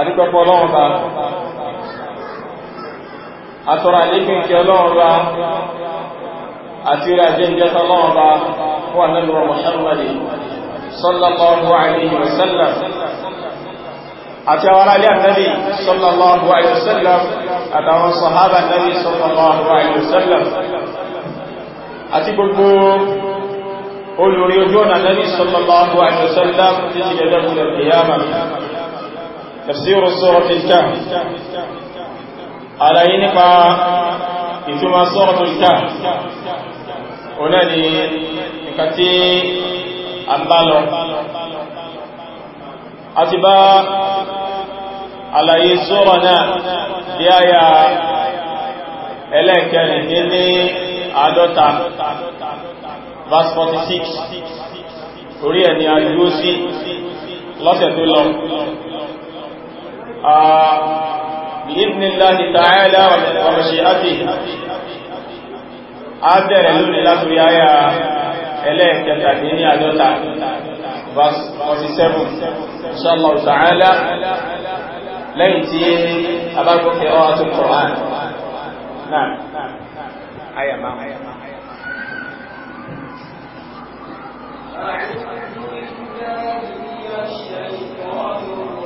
adúpẹ́pọ̀ ọlọ́run bá atọ́rọ àlékún kí ọlọ́run bá àti rẹ̀ jẹ́ ìjẹta ọlọ́run bá fún àlẹ́lọ́rọ̀ mọ̀ṣánwàlì sallallahu alayhi wa sallam àti àwọn alẹ́ àtẹ́lẹ̀ sallallahu alayhi wa sallam àtàwọn sọ̀hábà àtẹ́lẹ̀ sallallahu alayhi wa sallam àti gbogbo olùrí ojú ọ̀nà àtẹ́lẹ̀ sallallahu alayhi wa sallam tafsiru suratul kahf àlàyé nípa ìtumọ̀ suratul kahf ọ̀nà ni nǹkan tí a ń bá lọ a ti bá àlàyé sura náà bí a yà ẹlẹ́ẹ̀kẹrin ní ní àádọ́ta verse 46 orí ni a dúró lọ́sẹ̀ tó lọ بإذن الله تعالى ومشيئته أبدأ لولي لا تريايا إليه كتابيني أدوتا verse 47 إن شاء الله تعالى ليتي أبقى قراءة القرآن نعم آية ما أعوذ بالله من الشيطان الرجيم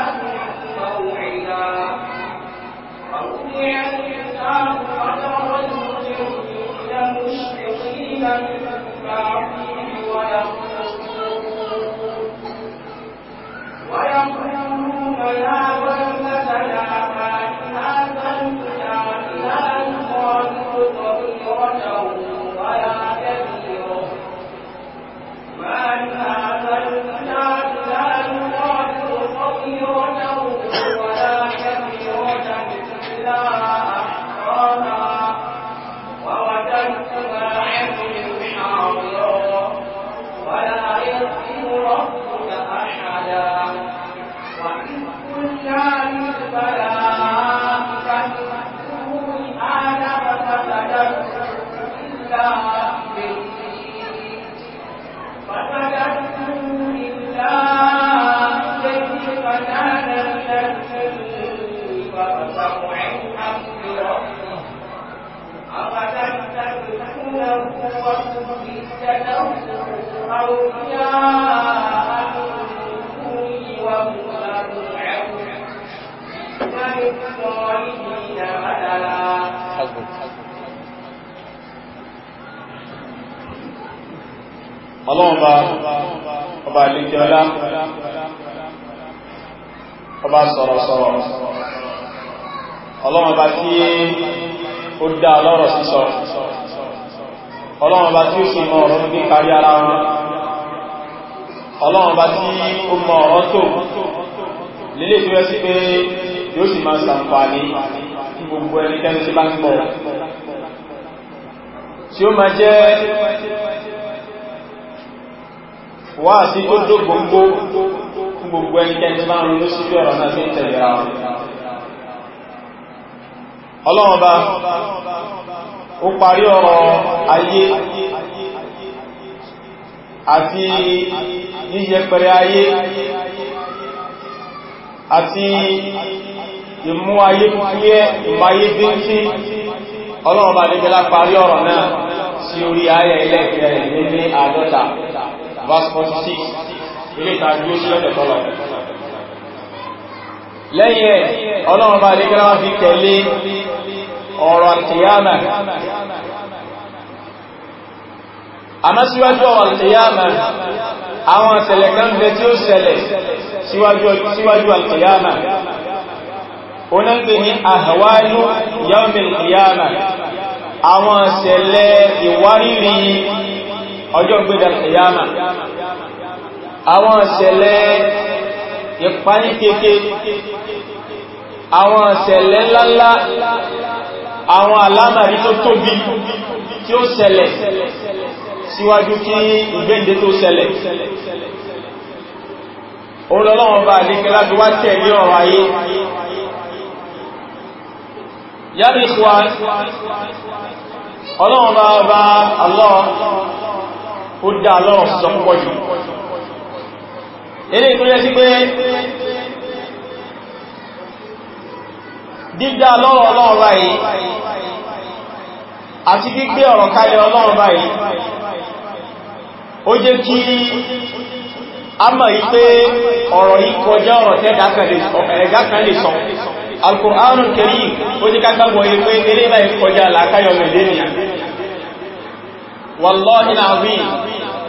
يؤتي الله أجرا ọlọ́run bá tí ó sì mọ̀ ọ̀rọ̀ ní kárí ara wọn ọlọ́run bá tí ó mọ̀ ọ̀rọ̀ tó lílé tí wẹ́ sí pé yóò sì máa sàǹfààní gbogbo ẹni tẹ́lú sí bá ń pọ̀ tí ó máa jẹ́ wá sí tó tó gbogbo gbogbo ẹni tẹ́lú bá ó parí ọ̀rọ̀ ayé àti yíyẹpẹrẹ ayé àti ìmú ayé fúyẹ́ ìmáyé dínkí ọlọ́run bá nígbẹ́lá parí ọ̀rọ̀ náà sí orí ayẹ ilẹ̀kẹ̀ẹ́ nílé àádọ́ta verse 46 ilé ìtàjú ó sí ọ̀dẹ̀ tọ́lọ̀ lẹ́yìn ẹ̀ ọlọ́run bá nígbẹ́lá wá fi tẹ̀lé ọ̀rọ̀ alkiyama àmá síwájú ọ̀rọ̀ alkiyama àwọn ṣẹlẹ̀ kan bẹ tí ó ṣẹlẹ̀ síwájú alkiyama oná ń pè ní àhàwáyú yawmil kiyama àwọn ṣẹlẹ̀ ìwárìrì ọjọ́ gbẹ́dà alkiyama àwọn ṣẹlẹ̀ ìparí kéèkéé àwọn ṣẹlẹ̀ ńláńlá àwọn alámàrí tó tóbi tí ó ṣẹlẹ̀ síwájú kí ìgbẹ́ǹde tó ṣẹlẹ̀ olọ́lọ́wọ́n bá àdíkẹ́ láti wá tẹ̀lé ọ̀rọ̀ ayé yàrí ìkwà ọlọ́wọ́n bá bá Allah ó dá lọ́rọ̀ sọ pọ̀ jù dídá lọ́rọ̀ ọlọ́run báyìí àti gbígbé ọ̀rọ̀ kalẹ̀ ọlọ́run báyìí ó jẹ́ kí a mọ̀ yí pé ọ̀rọ̀ yí kọjá ọ̀rọ̀ tẹ́gà kan lè sọ Al-Qur'anul Karim ó jẹ́ kágbàgbọ́ yí pé eré báyìí kọjá làkáyọ̀ mẹ́lẹ́nìyàn wallahi alazim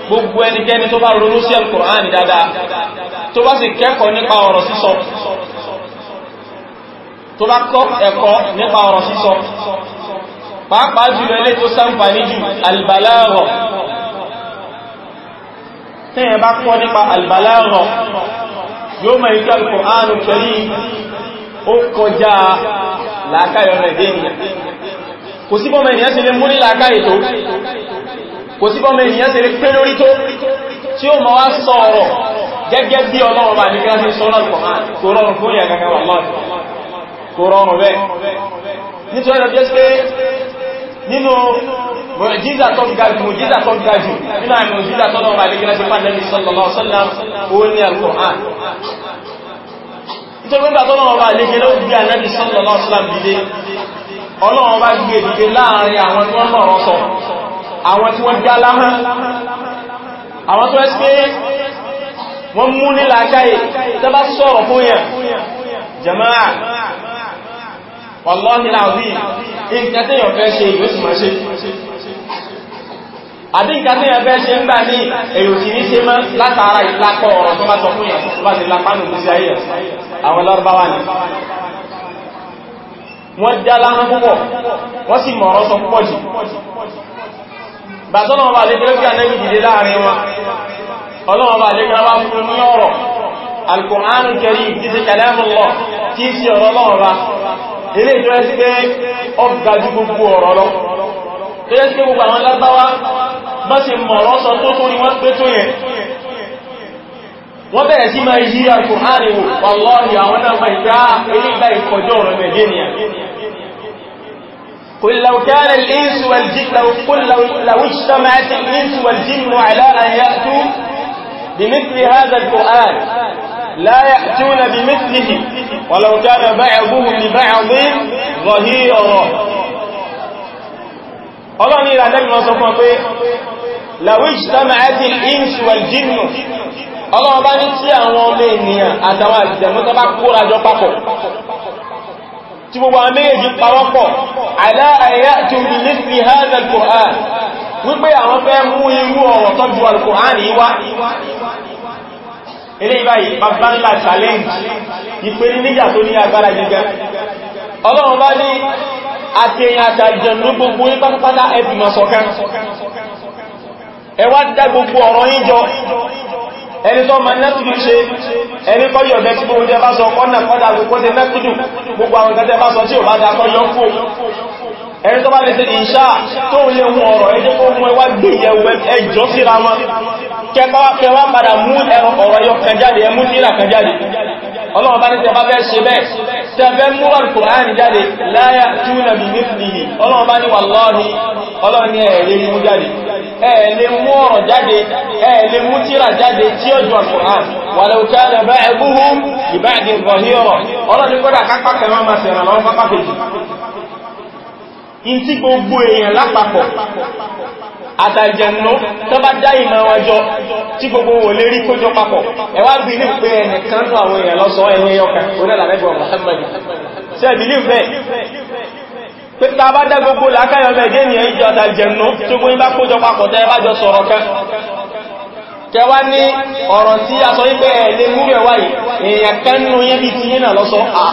gbogbo ẹnikẹ́ni tó bá ronú sí al tó bá kọ́ ẹ̀kọ́ nípa ọ̀rọ̀ sísọ pàápàá jùlọ ilé tó sáǹfàní jù albaláàrọ̀ tẹ́yẹ bá kọ́ nípa albaláàrọ̀ yóò mọ̀ ìkẹ́ Al-Qur'anul Karim ó kọjá làákàyọ̀ rẹ̀ dénìyàn kò sí bọ́mọ ènìyàn ṣe lè mú ní làákàyè tó kò sí bọ́mọ ènìyàn ṣe lè pé lórí kò rọrùn bẹ́ nítorí ọjọ́ jẹ́ pé nínú mọ̀jíza tó ga jù mọ̀jíza tó ga jù nínú àmì mọ̀jíza tó lọ́wọ́ àdíkílá sí pàdánì sallallahu alaihi wasallam ó ní al-Qur'an nítorí wípé àtọ́lọ́wọ́ bá lè gẹ́lẹ́ òbí ànábì sallallahu alaihi wasallam dìde ọlọ́wọ́ bá gbé dìde láàrin àwọn tí wọ́n lọ́rọ̀ sọ àwọn tí wọ́n já láhán àwọn tó ẹ́sí pé wọ́n mú nílà káyè tẹ́bá sọ̀rọ̀ fún yẹn jama'a wàláhí láàrí ìkẹtẹ́yàn fẹ́ ṣe yóò sì máa ṣe àbí ìkẹtẹ́yàn fẹ́ ṣe ń gbà ní èyò sí ní ṣe mọ́ látara ìlápọ̀ ọ̀rọ̀ tó bá sọ fún ìyàtọ̀ tó bá ti lápánù ní ayé àwọn lọ́rọ̀báwà ni wọ́n já láhán púpọ̀ wọ́n sì mọ̀rọ̀ sọ púpọ̀ jù bàtọ́lọ́wọ́ bà lè tẹ́lẹ́fì ànẹ́bì dìde láàrin wọn ọlọ́wọ́ bà lè gbà wá fún ní ọ̀rọ̀ alkùnránù kẹrí tí sí kẹlẹ́mùlọ tí sí ọ̀rọ̀ lọ́wọ́ bá ilé ìjọ ẹsí pé ọ gajú gbogbo ọ̀rọ̀ lọ tó yẹ́ sí pé gbogbo àwọn lágbáwá bá sì mọ̀rọ̀ sọ tó tó ní wọ́n pé tó yẹn wọ́n bẹ̀rẹ̀ sí máa yí alkùnránù كان الإنس والجن لو لو, لو اجتمعت الإنس والجن على أن يأتوا بمثل هذا القرآن لا يأتون بمثله ولو كان بعضهم لبعض ظهيرا الله نيرا النبي ما صفوا به لو اجتمعت الإنس والجن الله bá ní tí àwọn ọmọ ènìyàn àtàwọn àjẹ̀mọ́ tó bá kóra jọ papọ̀ tí gbogbo àwọn méjèèjì parọ́pọ̀ ala ayatu bi mithli hadha al-Qur'an wípé àwọn fẹ́ mú irú ọ̀rọ̀ tọ́jú al-Qur'an yìí wá ilé ìbáyìí bàbá ńlá challenge ìpèrí níjà tó ní agbára gíga ọlọ́run bá ní àtẹ̀yìn àtàjẹ̀nú gbogbo ní pátápátá ẹbìmọ̀ sọ̀kan ẹwà dá gbogbo ọ̀rọ̀ yín jọ ẹni tó ma nẹ́tùdù ṣe ẹni kọ́ yọ̀ bẹ́ẹ̀ tí gbogbo jẹ bá sọ kọ́nà kọ́dà gbogbo tẹ nẹ́tùdù gbogbo àwọn kẹtẹ bá sọ tí ò bá dá ẹni tó bá lè ṣe ìṣá tó ń lè wọn ọ̀rọ̀ ẹjọ́ kó mú ẹwà gbé ìyẹ̀wò ẹjọ́ síra wọn kẹwàá padà mú ọ̀rọ̀ ẹyọ kan jáde ẹmú síra kan jáde ọlọ́run bá ní tẹ bá fẹ́ ṣe bẹ́ẹ̀ tẹ fẹ́ mú Al-Qur'an jáde láyà tún nàbí nífìlì ọlọ́run bá ní wallahi ọlọ́run ní ẹ̀rẹ́ mú jáde ẹ̀ẹ̀lẹ́ mú ọ̀rọ̀ jáde ẹ̀ẹ̀lẹ́ mú tíra jáde tí in tí gbogbo èèyàn lápapọ̀ àtàjẹ̀nà tó bá dá ìmọ̀ wọn jọ tí gbogbo wò lérí kó jọ papọ̀ ẹwà bí ní pé ẹnìkan tó àwọn èèyàn lọ́sọ ẹ̀yìn ọkà onílàlẹ́gbọ̀ Muhammad ṣe ìbílí bẹ́ẹ̀ pé ta bá dá gbogbo làákàyọ̀mẹ̀ jẹ́ ní ẹjọ́ àtàjẹ̀nà tó gbóyìn bá kó jọ papọ̀ tẹ́ bá jọ sọ̀rọ̀ kan kẹwa ní ọ̀rọ̀ tí a sọ wípé ẹ̀lẹ́mú rẹ̀ wáyé èèyàn kan nú yẹ́ bí ti yínà lọ́sọ ah,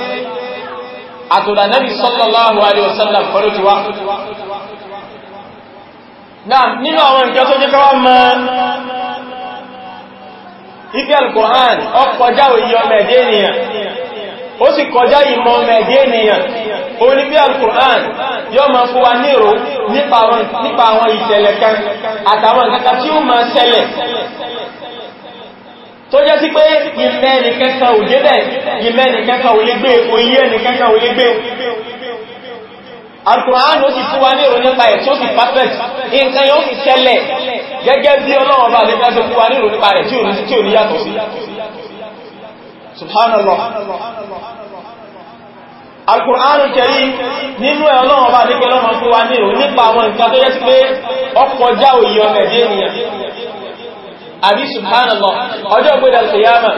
àtòdà Nabi sallallahu alaihi wasallam pẹ̀lú ti wá náà nínú àwọn ìjọ tó jẹ́ kọwàá mọ́ ife al-Qur'an ó kọjá òyí ọmọ ẹ̀dẹ́ ènìyàn ó sì kọjá ìmọ̀ ọmọ ẹ̀dẹ́ ènìyàn ó ní bí al-Qur'an yóò máa fún wa nírò nípa àwọn ìṣẹ̀lẹ̀ kan àtàwọn nǹkan tí ó máa ṣẹlẹ̀ tó jẹ́ sí pé ìmẹ́ nìkẹ́kẹ́ ò débẹ̀ ìmẹ́ nìkẹ́kẹ́ ò lè gbé èkó iye nìkẹ́kẹ́ ò lè gbé alkùnránù ti fún wa ní ìròyìn nípa ẹ̀ tó ti perfect nǹkan yóò ti tẹ́lẹ̀ gẹ́gẹ́ bí ọlọ́run bá lè fẹ́ fún wa ní ìròyìn nípa rẹ̀ tí ò àbí subhanallah ọjọ́ gbé dàlùkìyàmà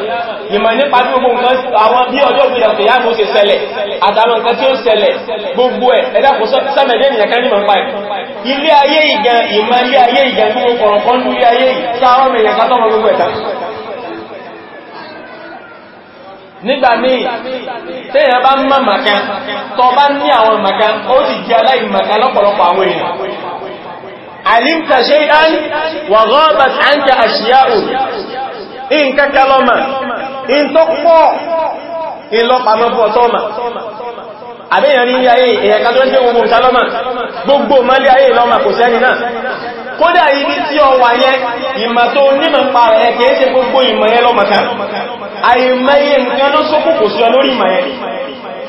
ìmọ̀ nípa bí ogun nǹkan àwọn bí ọjọ́ gbé dàlùkìyàmà ó ṣe ṣẹlẹ̀ àtàwọn nǹkan tí ó ṣẹlẹ̀ gbogbo ẹ̀ ẹ̀dàkùn sọ́mẹ̀dẹ́ ènìyàn kan nímọ̀ nípa ẹ̀ ilé ayé ìgan ìmọ̀ ilé ayé ìgan tó kọ̀rọ̀ kan ní ilé ayé sáwọn èèyàn kan tọ́mọ gbogbo ẹ̀ta nígbà míì téèyàn bá ń mọ̀ màkan tó bá ní àwọn màkan ó sì jẹ́ aláìmọ̀kan lọ́pọ̀lọpọ̀ àwọn èèyàn alimta shay'an wa ghabat anka ashiya'u in kakaloma in tó pọ̀ in lo pamọ́ bo to ma àbẹ́yàn rí ayé èyàn kan tó ń jẹ́ gbogbo ìtàlọ́mà gbogbo mọ́lé ayé ìlọ́mà kò sẹ́ni náà kódà ibi tí ọ wà yẹn ìmọ̀ tó nímọ̀ pa rẹ̀ kìí ṣe gbogbo ìmọ̀ yẹn lọ́mọ̀ká àìmọye nǹkan ló sókù kò sí ọ lórí ìmọ̀ yẹn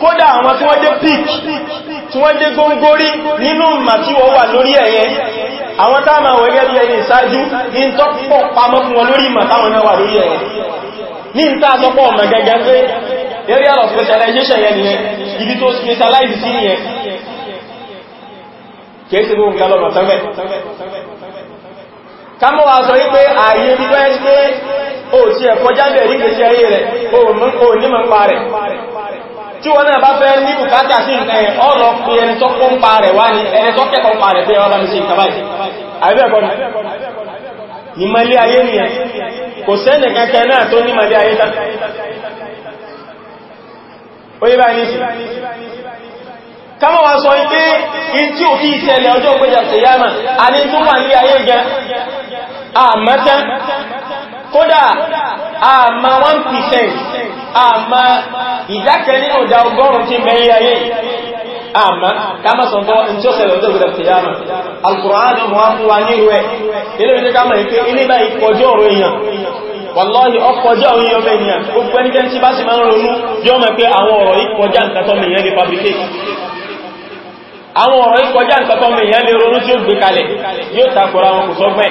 kódà àwọn tí wọ́n dé pík tí wọ́n dé góngórí nínú ìmọ̀ tí wọ́n wà lórí ẹ̀yẹn àwọn táàmà wẹ̀gẹ́ bí ẹni ìsájú ní tó pọ̀ pamọ́ fún wọn lórí ìmọ̀ náà wà lórí ní ọmọ gẹ́gẹ́ pé area of specialization yẹn nìyẹn ibi tó specialize sí nìyẹn kìí sí gbóhùn kálọ̀ lọ́sẹ́fẹ́ kámọ́ wa sọ wípé ààyè gbígbọ́ ẹ́ pé ó ti ẹ̀kọ́ rí ayé rẹ̀ ó pa rẹ̀ tí wọ́n náà bá fẹ́ ní bùkátà sí ẹ̀ ọ̀lọ́ fi ẹni tó kún pa rẹ̀ wá ní ẹni tó kẹ́kọ̀ọ́ pa rẹ̀ pé ọlá mi sí ìkàbáyì àbẹ́ẹ̀kọ́nà ní malé ayé ni ẹ̀ kò sẹ́nì kẹ́kẹ́ náà tó ní malé ayé tán ó yé báyìí sí kama wa sọ pé in tí ìṣẹ̀lẹ̀ ọjọ́ ògbẹ́jà sèyámà a ní tún wà ní ayé gan àmọ́tán kódà àmà 1% àmà ìdákẹ́ nínú ìdá ọgọ́rùn tí mẹ́rin ayé àmà káàmà sọ̀tọ́ tí ó ṣẹlẹ̀ ọjọ́ ìgbẹ̀rẹ̀ tìyàmà alkùnrán ọmọ wa nílùú ẹ̀ ilé ìjẹ́ káàmà ìpé ilé bá ìpọjọ́ ọ̀rọ̀ èèyàn wàláhì ọkọjá òun yọ mẹ́niyàn gbogbo ẹnikẹ́ tí bá sì máa ń ronú yọ mẹ́ pé àwọn ọ̀rọ̀ ìkọjá nǹkan tọ́mì ìyẹn lè fabricate àwọn ọ̀rọ̀ ìkọjá nǹkan tọ́mì ìyẹn lè ronú tí ó gbé kalẹ̀ yóò takọ̀rọ̀ àwọn kò sọ́gbẹ́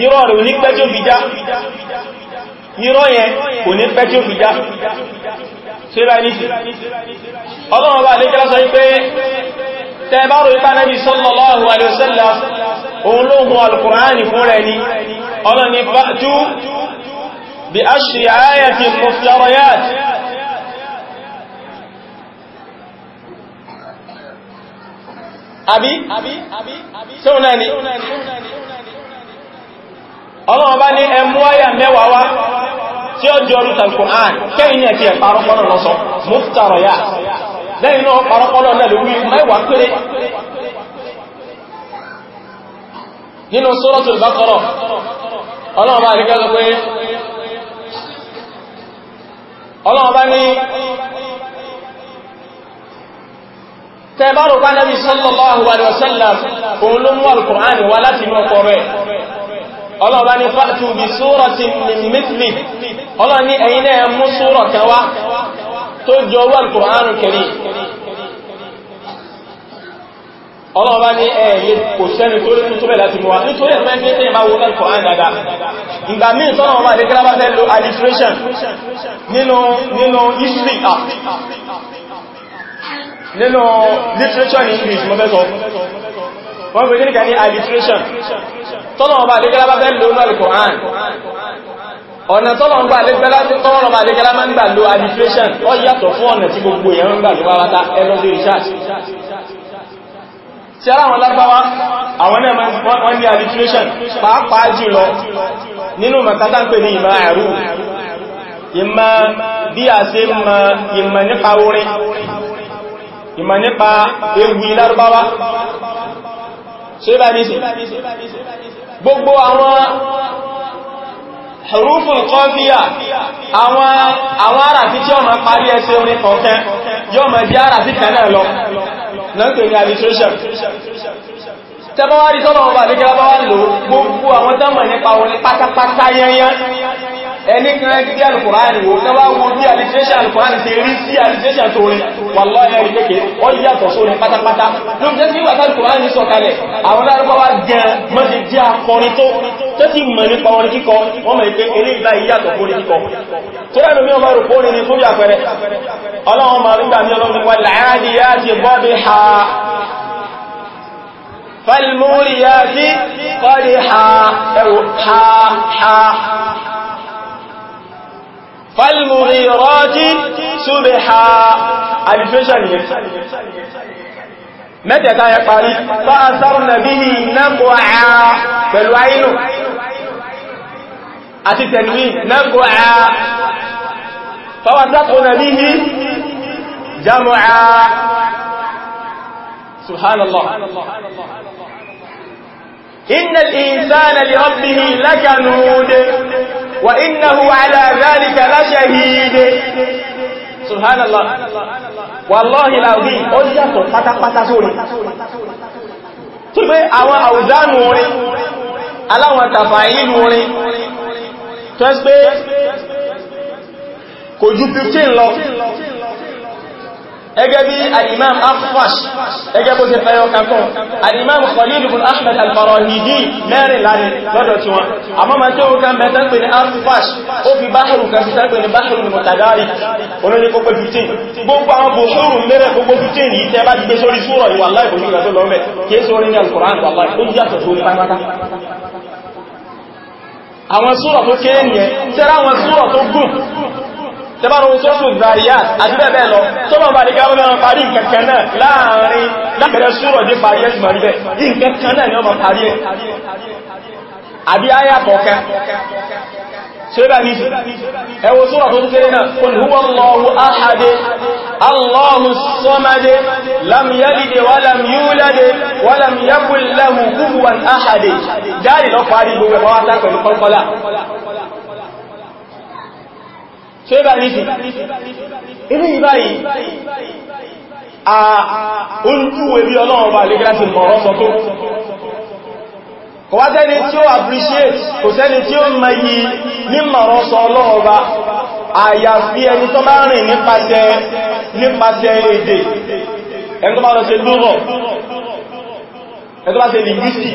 irọ́ rẹ̀ ní pẹ́jọ́ fi já irọ́ yẹn kò ní pẹ́jọ́ fi já ṣíra ní sí ọlọ́run bá lè kíra sọ wípé tẹ́bárò ipá nẹ́bí sallallahu alaihi wasallam òun lóhun alkùnránì fún rẹ̀ ni ọlọ́ni tú bí ashri ayati muftariyat àbí tí ó náà ni ọlọ́wọ́ bá ní ẹmú àyà mẹ́wàá wá tí ó jọ rúta Al-Qur'an kẹ́yìn ẹ̀kì ẹ̀ parọ́pọ́lọ́ lọ́sọ múftàrọ̀ yá lẹ́yìn náà parọ́pọ́lọ́ náà lórí mẹ́wàá péré nínú Suratul bá bá ní tẹ́bárò bá ọlọ́ọ̀bá ní fàtù bí suratin min mithli ọlọ́ọ̀ ní ẹ̀yin náà mú sura kan wá tó jọ wà Al-Qur'anul Karim ọlọ́ọ̀bá ní ẹ̀yẹ kò sẹ́ni tó rí tó bẹ̀ láti mọ́ nítorí ẹ̀mẹ́ ní ẹ̀mẹ́ máa wo lọ́kọ̀ àdàdà ìgbà míì sọ́nà ọmọ àdékẹ́lá fẹ́ lo alliteration nínú ah. ní alliteration tọ́lọ̀wọ̀n bá lékẹ́lá bá fẹ́ lò ní alìkọ̀án ọ̀nà tọ́lọ̀wọ̀n bá lékẹ́lá tí tọ́lọ̀wọ̀n bá lékẹ́lá máa ń gbà lo arbitration ó yàtọ̀ fún ọ̀nà tí gbogbo èèyàn ń gbà ló wáwátá ẹlọ́ sí research tí ara wọn lágbáwá àwọn náà wọ́n ní arbitration pàápàá jùlọ nínú mọ̀kátà ń pè ní ìmọ̀ àrú ìmọ̀ bí a ṣe mọ̀ ìmọ̀ nípa orin ìmọ̀ nípa ewu ilárúbáwá ṣe bá ní ṣe gbogbo àwọn huruful qafiya àwọn àwọn àràfí tí ọmọ parí ẹsẹ orin kọ̀ọ̀kẹ́ yóò mọ̀ bí àràfí kan náà lọ lọ́pẹ̀ ní arbitration tẹ́bọ́wárí tọ́lọ̀ ọba àdíkẹ́lábáwá lò gbogbo àwọn tọ́mọ̀ nípa orin pátápátá yẹnyẹn ẹni kan ẹni kí alùkùránì wò tẹ́wàá wo bí alìsíṣẹ́ alùkùránì ti rí sí alìsíṣẹ́ tó rí wàláhí ẹ̀rí kéèké ó yàtọ̀ sórí pátápátá ló jẹ́ sí wà tálùkùránì sọ̀kalẹ̀ àwọn lárúbáwá gan mọ́sí jẹ́ akọrin tó tó ti mọ̀ nípa orin kíkọ wọ́n mọ̀ pé eré ìgbà ìyàtọ̀ fórí kíkọ tó rẹ̀ lómi ọmọ rò fórí ni فالمغيرات سبحا الفشل متى كان يقال فأثرنا به نقعا فالوعين أتي تنوين نقعا فوثقنا به جمعا سبحان الله إن الإنسان لربه لكنود وإنه على ذلك لشهيد سبحان الله والله العظيم أجلت فتا فتا سوري تبقى أو أوزان وري ألا وتفاعيل وري تسبق kò ju 15 lọ gẹ́gẹ́ bí al'imam afwash gẹ́gẹ́ bó ṣe fẹ́yọ kankan al'imam khalil ibn ahmed al-farahidi mẹ́rin láti lọ́dọ̀ tí wọn àmọ́ ma tí ó kan bẹ pè ní afwash ó fi kan ní mutadari olóní kó pé gbogbo àwọn bòṣòrò mẹ́rẹ̀ gbogbo 15 yìí tẹ́ bá ti sórí súrọ̀ ìwà láìbòjú tẹbára ohun sọ́sù ìgbàríyà àti bẹ́ẹ̀ bẹ́ẹ̀ lọ tọ́lọ̀ bá ní gáwọn náà parí nǹkankan náà láàrin lábẹ̀rẹ̀ súrọ̀ dé parí ẹ̀sùn mọ̀ níbẹ̀ nǹkankan náà ni ọmọ parí ẹ̀ àbí áyà kọ̀ọ̀kan ṣe bá ní ẹwọ súrọ̀ tó kéré náà kùn húwọ́ Allahu ahad Allahu samad lam yalid wa lam wa lam jáde lọ parí gbogbo ẹ̀kọ́ tó yíba ní sí inú ìbá yìí a oúnjúwé bí ọlọ́run bá lè gẹ́lẹ́sì mọ̀rọ̀ sọ tó tí ó appreciate kò sẹ́ni tí ó mọ yí ní mọ̀rọ̀ sọ ọlọ́run bá àyàfi ẹni tó bá rìn nípasẹ̀ nípasẹ̀ èdè ẹni tó bá lọ ṣe lórọ̀ ẹni tó bá ṣe linguistic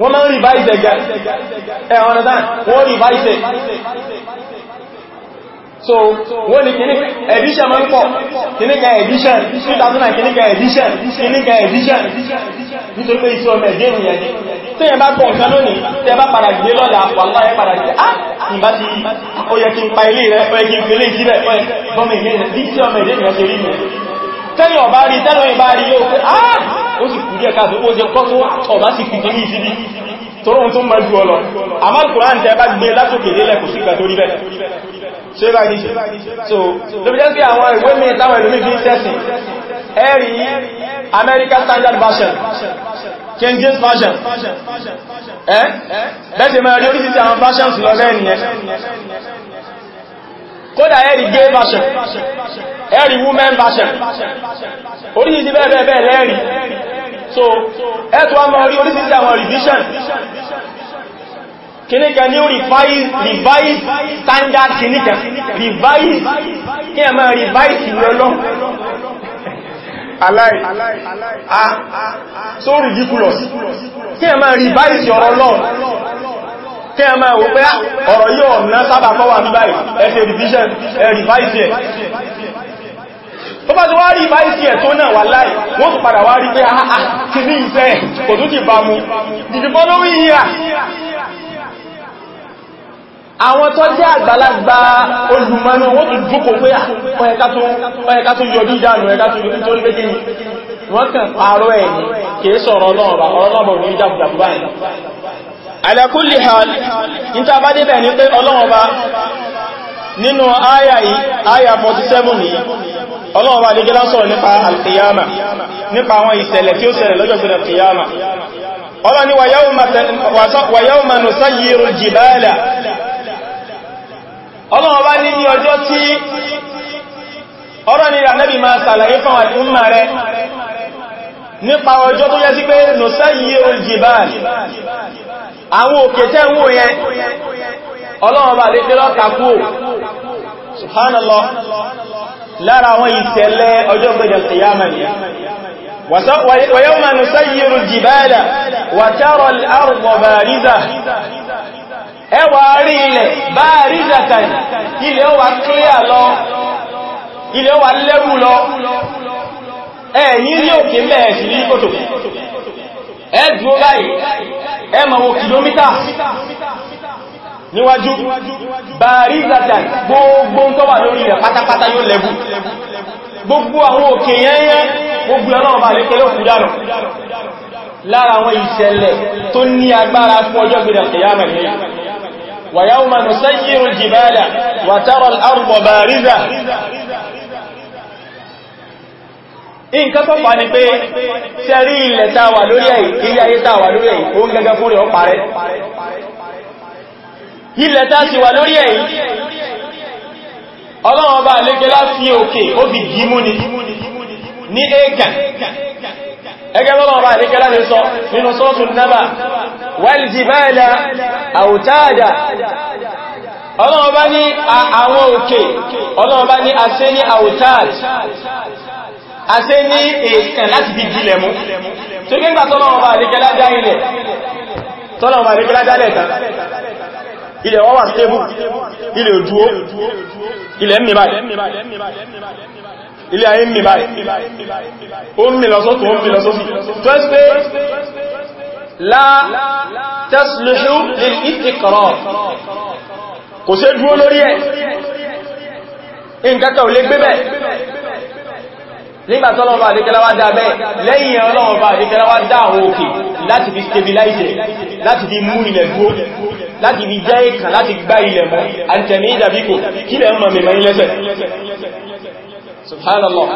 wọ́n máa ń rí báyìí tẹ̀gẹ̀ ẹ̀ ọ̀nà wọ́n rí báyìí tẹ̀ so wọ́n ni kìní edition máa ń pọ̀ kìní edition 2009 kìní ka edition kìní edition nítorí pé iṣẹ́ ọmọ ẹ̀gẹ́ ìrìnyẹ̀ ni tí ẹ bá pọ̀ nǹkan lónìí tẹ bá padà gbé lọ́dà wàlá ẹ padà gbé á ah, ìbá ti ó yẹ kí n pa ilé rẹ ó yẹ kí n fi lè jílẹ̀ ó yẹ bọ́mọ̀ ìgbé rẹ̀ bí iṣẹ́ ọmọ ẹ̀gẹ́ ìrìnyẹ̀ ṣe rí mi tẹ́lẹ̀ ọ̀bá rí tẹ́lẹ̀ ìbá rí yóò pé á ah, ó sì kù díẹ̀ káàtó ó jẹ kọ́tó ọ̀bá sì kù kìí ìsìdí tọ́rọ tó mọ́ jù ọlọ àmàl kùrán tẹ bá gbé látòkè lélẹ̀ kò sí ìgbà tó rí bẹ́ẹ̀ ṣe so lóbi jẹ́ pé àwọn ìwé mi American Standard Version King James Version ẹ́ bẹ́ẹ̀ tẹ́ mẹ́rin orí sí àwọn kódà ẹ̀rì gay version ẹ̀rì women version oríṣìí bẹ́ẹ̀ bẹ́ẹ̀ lẹ́rì so ẹ̀tọ́ ọmọ orí oríṣìí àwọn revision kìníkà ní revised revised standard kìníkà revised kí ẹ máa revised lọ́lọ́ aláì ah so ridiculous kí ẹ máa revised ọ̀rọ̀ lọ́wọ́ kẹ́ ẹmọ ẹ̀wọ̀ pé ọ̀rọ̀ yóò ná sábà kọ́ wà níbàí ẹ̀sẹ̀ revise ẹ̀ tó bá ti wá rí revise ẹ̀ tó náà wà láì wọ́n tó padà wá rí pé àhá ti ní ìṣẹ́ kò tó ti bá mú ìdìbọ́ lórí ìyà àwọn tó jẹ́ àgbàlagbà olùmọ́nà wọ́n tó jókò pé ọ̀ẹ̀ká ah, tó yọjú ìdánù ẹ̀ká tó yọjú tó lé gẹ́gẹ́ wọ́n kàn pààrọ̀ ẹ̀yìn kìí sọ̀rọ̀ ọ̀rọ̀ náà ní ìjàbùjàbù báyìí ala kulli hal níta bá débẹ̀ ní pé Ọlọ́run nínú àyà yìí àyà 47 yìí Ọlọ́run Ọba nígbẹ́lá sọ̀rọ̀ nípa al nípa àwọn ìṣẹ̀lẹ̀ tí ó ṣẹlẹ̀ lọ́jọ́ nípa ọjọ́ tó sí pé àwọn òkè tẹ́ wò yẹn ọlọ́run bá lè fi lọ́kàkú subhanallah lára àwọn ìṣẹ̀lẹ̀ ọjọ́ gbẹ̀dẹ̀ kìyàmà ni ويوم نسير الجبال وترى الأرض بارزة ẹwà rí ilẹ̀ bá rí zàtàì ilẹ̀ wà kíyà lọ ilẹ̀ lẹ́rù lọ ẹ̀ ní rí òkè mẹ́ẹ̀sì ní kòtò ẹ dúró báyìí ẹ máa wo kìlómítà níwájú bàárí ìzàtà gbogbo ń tọ́wà lórí rẹ̀ pátápátá yóò lẹ́bù gbogbo àwọn òkè yẹ́yẹ́ gbogbo ọlọ́run bá lè pẹ̀lú lára àwọn ìṣẹ̀lẹ̀ tó ní agbára fún ọjọ́ gbìdàn nǹkan tó fà ní pé sẹ́rí ilẹ̀ tàwà lórí ẹ̀yìn ilé ayé tàwà lórí ẹ̀yìn ó ń gẹ́gẹ́ fún rẹ̀ ó parẹ́ ilẹ̀ tà sí wà lórí ẹ̀yìn láti òkè ni ní ẹ̀gàn ẹgẹ́ ọlọ́run ọba àlékẹ́ láti sọ nínú sọ́tún náà wẹ́lìdìbáẹ̀lá àwòtáàdà ọlọ́run ọba ní àwọn òkè ní ní àwòtáàdà a ṣe ní èèkàn láti fi gílẹ̀ mú tó gbé ń gbà tọ́lọ́wọ́ bá àríkẹ́lá já ilẹ̀ tọ́lọ́wọ́ bá àríkẹ́lá já lẹ́ta ilẹ̀ wọ́n wà stable ilẹ̀ òjúó ilẹ̀ mmi báyìí ilẹ̀ ayé mmi báyìí ó mmi lọ́sọ́tún ó mmi lọ́sọ́sí tó ẹ́ pé láà tẹ́sùlùsù lil istiqrar kò ṣe dúó lórí ẹ̀ nǹkan kan ò lè gbé bẹ́ẹ̀ nígbà tọ́lọ́wọ́ bá àdékẹ́lá wá dá bẹ́ẹ̀ lẹ́yìn ọlọ́wọ́ bá àdékẹ́lá wá dá àwọn òkè láti fi stabilize láti fi mú ilẹ̀ dúó láti fi jẹ́ ìkà láti gbá ilẹ̀ mọ́ àtẹ̀mí ìdàbíkò kí lẹ́ mọ̀ mẹ́mẹ́ lẹ́sẹ̀ subhanallah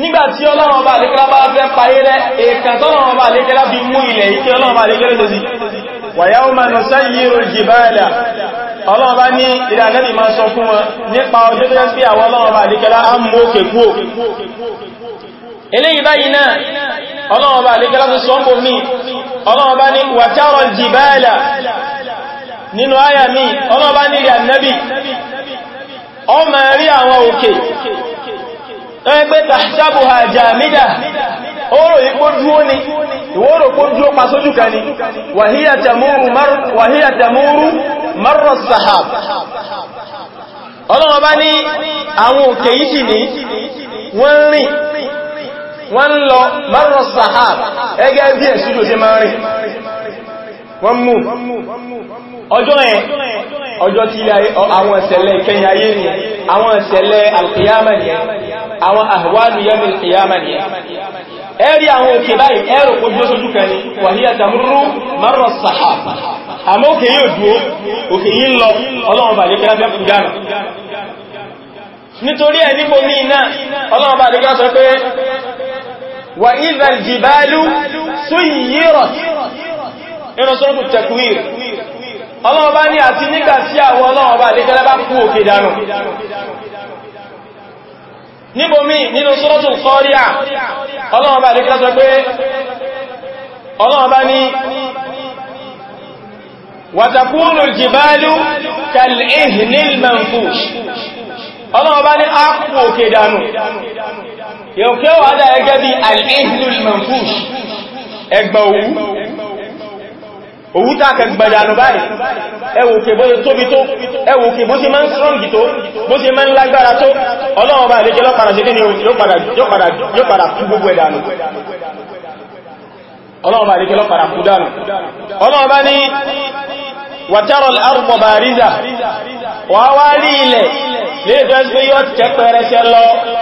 nígbà tí ọlọ́wọ́ bá àdékẹ́lá bá fẹ́ parí rẹ̀ èkà tọ́lọ́wọ́ bá àdékẹ́lá fi mú ilẹ̀ ìkẹ́ ọlọ́wọ́ bá àdékẹ́lá ọlọ́run bá ní ìrẹ́ ànẹ́bì máa sọ fún wọn nípa ọjọ́ tó jẹ́ pé àwọn ọlọ́run bá àdíkẹ́lá á mú òkè kú eléyìí báyìí náà ọlọ́run bá àdíkẹ́lá tó sọ́mbò mí ọlọ́run bá ní wàtàrọ̀ jìbáàlà nínú àyà ọ ẹgbẹ́ tàṣàbùhà jàmídà oòrò ipò dúó ni ìwòrò kó dúó pa sójú kan ni wàhíyà tàmúrú marọ̀ sahab ọlọ́wọ́ bá ní àwọn òkè yìí sì ní wọ́n rìn wọ́n lọ sahab ẹgẹ́ bí sí máa rìn wọ́n mú ọjọ́ ẹ̀ ọjọ́ tí àwọn ìṣẹ̀lẹ̀ ìkẹyìn ayé ni àwọn ìṣẹ̀lẹ̀ alkiyama ni àwọn àwádù yẹmù alkiyama ni ẹ̀rí àwọn òkè báyìí ẹ̀rọ ojú oṣojú kan ni wàhíyà tàmúrú márùn sàhà àmọ́ òkè yóò dúó òkè yí ń lọ ọlọ́run bàlẹ́ kí lábẹ́ fún gánà tẹ̀kùwìrì ọlọ́ọ̀bá ní àti nígbà tí àwọn ọlọ́ọ̀bá lékẹ́lẹ́ bá kú òkè dànù níbòmí nínú suratul Qari'ah ọlọ́ọ̀bá lékẹ́lẹ́ sọ pé ọlọ́ọ̀bá ní wa takunu al-jibalu kal-ihni al-manfush ọlọ́ọ̀bá ní á kú òkè dànù òwúta kẹgbẹ̀dànù báyìí ẹwòkè bó ṣe tóbi tó ẹwòkè bó ṣe máa ń strọ́ngì tó bó ṣe máa ń lágbára tó ọlọ́wọ́ bá ìlẹ́jẹ́ lọ́pàá ṣe kíni yóò padà kú gbogbo ẹ̀dànù ọlọ́wọ́ bá ìlẹ́jẹ́ lọ́pàá kú dànù ọlọ́wọ́ bá ní wàtàrọ̀ arùpọ̀ bá ríza wà wá rí ilẹ̀ léèfẹ́ pé yóò tẹ́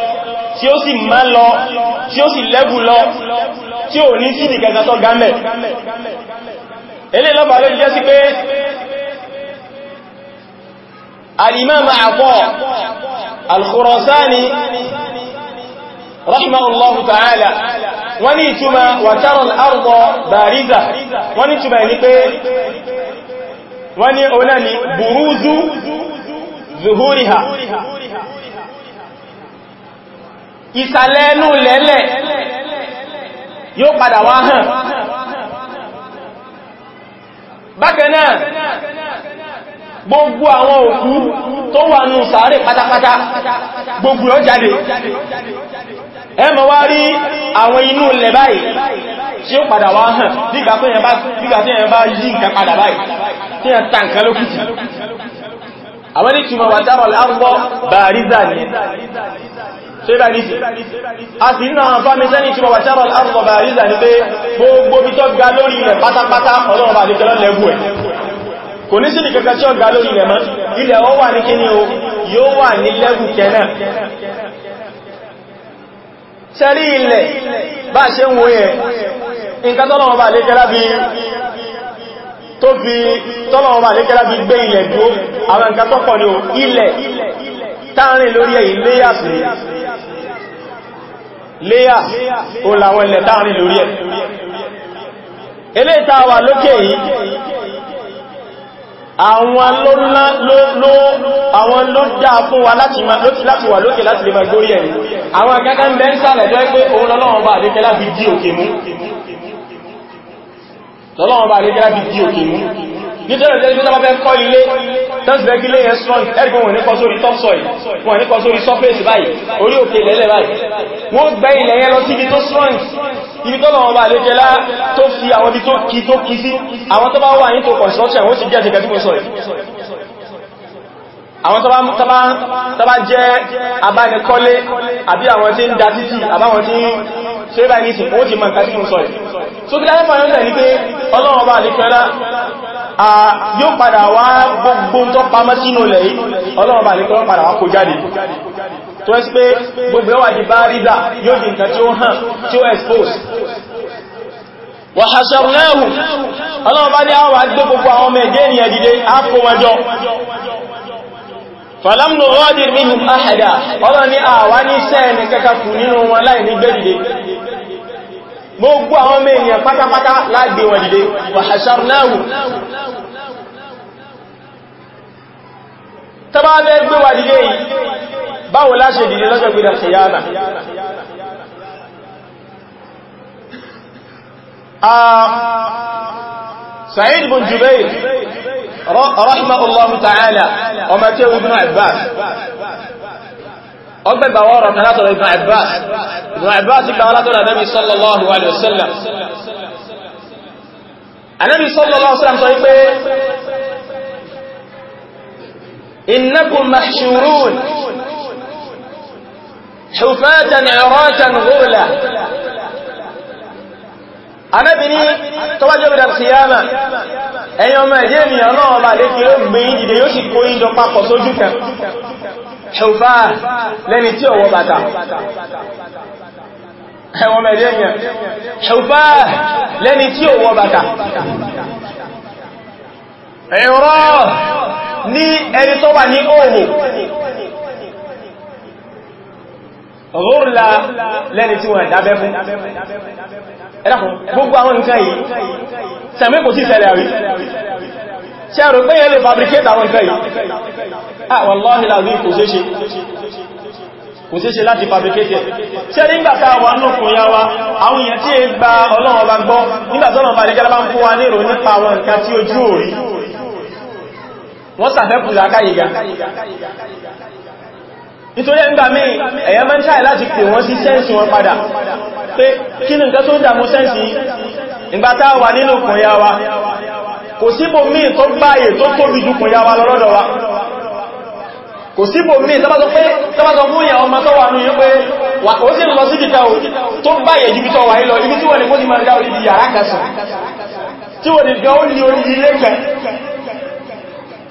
ilé lọ́bàá ló jẹ́ sí pé al-imam Ata al-Khurasani rahimahullahu ta'ala wọ́n ní ìtumọ̀ wa tara al-arda bariza wọ́n ní ìtumọ̀ ní pé wọ́n ní ọ̀nà ni buruzu zuhuriha ìsàlẹ̀ ẹnu yóò padà wá bákanáà gbogbo àwọn òkú tó wà nù sàárè pátápátá gbogbo ọ jáde ẹ máa wá rí àwọn inú ilẹ̀ báyìí tí ó padà wá hàn nígbà tí èèyàn bá yí nǹkan padà báyìí tí èèyàn ta nǹkan lókìtì àwọn ìtumọ̀ wà dábọ̀ lárúgbọ́ bàrízà ní ṣe bá nìsí a sì ní àwọn fámísẹ́ni tí wọ́n wà ṣára al'arọ̀bà ríza ní pé gbogbo bí tó ga lórí ilẹ̀ pátápátá ọlọ́run bá nìkẹ́lọ́ lẹ́gbù ẹ̀ kò ní sí ní kẹta tí ó ga lórí ilẹ̀ mọ́ ilẹ̀ ó wà ní kíní o yóò wà ní lẹ́gbù kẹ́nà sẹ́rí ilẹ̀ bá ṣe ń wo yẹ nǹkan tọ́lọ́run bá lékẹ́lá bí tó fi tọ́lọ́run bá lékẹ́lá bí gbé ilẹ̀ dúó àwọn nǹkan tọ́pọ̀ ní o ilẹ̀ táàrin lórí ẹ̀yìn léyàsì léyà o làwọn ilẹ̀ dáàrin lórí ẹ̀ eléta wà lókè yìí àwọn ló dáa fún wa láti wà lókè láti lè máa gbórí ẹ̀ àwọn akẹ́kẹ́ ń bẹ ń sàlẹ̀ tó pé òun lọ́lọ́wọ́n bá àdékẹ́lá fi dí òkè mú nítorí ìjẹ́ ìjọba fẹ́ kọ́ ilé tọ́sìlẹ́gílé yẹn strong ẹgbẹ́ wọn ní kọ́ sórí topsoil wọn ní kọ́ sórí surface báyìí orí òkè lẹ́lẹ̀ báyìí wọ́n gbẹ́ ilẹ̀ yẹn lọ sí ibi tó strong ibi tó lọ́wọ́ bá lẹ́jẹ́lá tó fi àwọn ibi tó kí tó kí sí àwọn tó bá wà ní tó construction wọ́n sì jẹ́ ìjẹ́ ìjẹ́ ìjẹ́ àwọn tọba jẹ́ abánikọ́lé àbí àwọn tí ń da títì àbáwọn tí ṣe bá ní ìsìn ó ti mọ̀ nǹkan tí mo sọ ẹ̀. so kí dáyẹ́fà yóò tẹ̀ ní pé ọlọ́run ọba àlẹ́kọ́lá yóò padà wá gbogbo tó pamọ́ sínú ilẹ̀ yìí ọlọ́run bá nìkan padà wá kó jáde tó ẹ́sì pé gbogbo ẹwà di bá rídà yóò di nǹkan tí ó hàn tí ó expose wà hasarnáhù ọlọ́run bá ní àwọn àgbé gbogbo àwọn ọmọ ẹ̀dẹ́ ènìyàn dìde ápò wọn jọ falamnu rọ́dìr ọlọ́run ní àwa ní sẹ́ẹ̀nì kẹ́kàkù nínú wọn láì ní gbẹ́dìde gbogbo àwọn ọmọ ènìyàn pátápátá lágbé wọn dìde wa hasharnahu tọba bẹ́ gbé wà dìde yìí báwo la ṣe dìde lọ́jọ́ gbídà kìyàmà Sa'id bin Jubayr rahimahullahu ta'ala ọmọ tí ó ibn Abbas ọgbẹ́ gbàwọ́ ọ̀rọ̀ kan látọ̀rọ̀ ibn abbas ibn abbas gbàwọ́ látọ̀rọ̀ anábi sallallahu alaihi wasallam anábi sallallahu alaihi wasallam sọ wípé innakum mahshurun hufatan uratan ghurla anábi ní tọ́wájọ́ bí dàrsíyàmà ẹ̀yọ́ mẹ́jẹ́ ènìyàn náà ọba lè fi ló gbé ìdìdè yóò sì kó ìjọ papọ̀ sójú kan ṣùfà lẹ́ni tí ọwọ́ bàtà ẹwọ́n mẹ́rin èèyàn ṣùfà lẹ́ni tí ọwọ́ bàtà ẹ̀rọ ní ẹni tó wà ní òhù rúrùlá lẹ́ni tí wọ́n dábẹ́ fún ẹ̀lẹ́kùn gbogbo àwọn nǹkan yìí sàmẹ́kò sí ṣẹlẹ̀ rí ṣe rò pé yẹ lè fabricate àwọn ìfẹ́ yìí ah, wallahi lazim kò kò láti fabricate wa àwọn èèyàn tí è gba ọlọ́run bá gbọ́ nígbàtọ́lọ́run bá lè gẹ́lá bá kó wa ní ìròyìn nípa àwọn nǹkan tí ojú wọ́n nítorí ẹgbà ẹ̀yà máa ń ṣáyẹ̀ láti pè wọ́n sí sẹ́ǹsì wọn padà pé kí nǹkan tó dàmú sẹ́ǹsì ìgbàtà wà nínú kò síbò míì tó gbáyè tó tóbi jù kùn ya wa lọ́dọ̀ wa kò síbò míì tọ́bátọ̀ fún ìyàwó ma tọ́wà ní pé ó sì lọ sí ìta ò tó gbáyè jù tọ́ wà ilọ̀ ibi tí wọ́n ni kó ti máa dá olùdí yàrá kẹsù tí wọ́n ni gan ó ní orí ilé kẹ